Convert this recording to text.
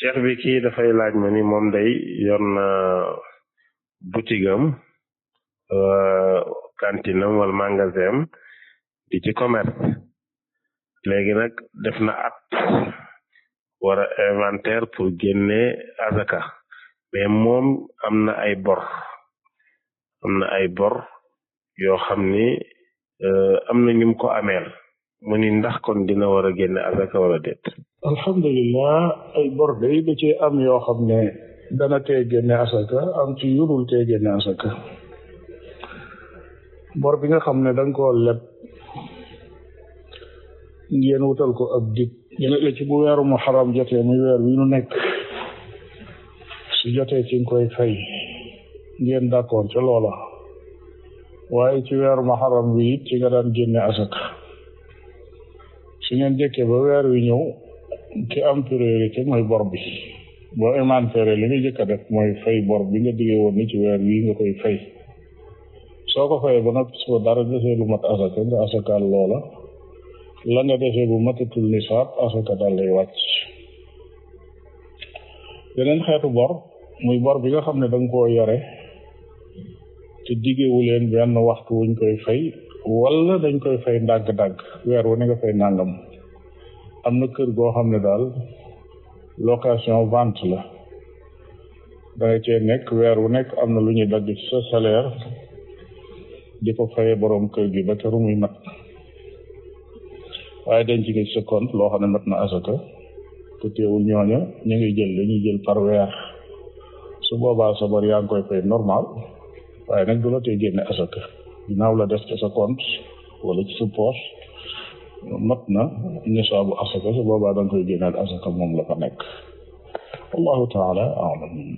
cheikh bi kii dafay laaj ma ni moom day yor a boutique am euh, cantine am wala magasin di ci commerce léegi nag def na at war inventaire pour génne azaka mais moom am na ay bor am na ay bor yoo xam ni euh, am na ñum ko ameel mu ndax kon dina war a génne azaka wala déet alhamdulilah ay bor day da ci am yoo xam ne dana te génne asaka am ci yurul tee génne asaka bor bi nga xam ne danga koo leb ngeen wutal ko ab dig ñu ne la ci bu weeru muharram jotee weer wi nu nekk su jote ci koy fay ngeen d'accord ca loola waaye ci weeru muharram wi ci nga daan génne asaka su ngeen jëkkee ba weer wi ñëw ci am priorité mooy bor bi boo inventaire li nga jëkk a def mooy fay bor bi nga diggee woon ni ci weer yi nga koy fay soo ko fayee ba nopp soo dara desee lu mat asaka nga asakaal loola la nga defee bu matatul nisaab asaka daal lay wàcc beneen xeetu bor muy bor bi nga xam ne danga ko yore te diggewu leen benn waxtu wuñ koy fay wala dañ koy fay ndàgg-ndàgg weer wu ne nga fay nàngam am na kër goo xam ne daal location vente la danga cee nekk weer wu nekk am na lu ñuy dagg ci sa salaire di ko fayee boroom kër gi ba këru muy mat waaye denc nga ci sa compte loo xam ne mat na asaka te teewul ñooña ñu ngi jël dañuy jël par weer su boobaa sa bor yaa koy fay normal waaye nag du la tey génne asaka ginnaaw la def ci sa compte wala ci sa poche mat na nisaabu asaka su boobaa da nga koy génnaat asaka moom la fa nekk wallahu taala aalam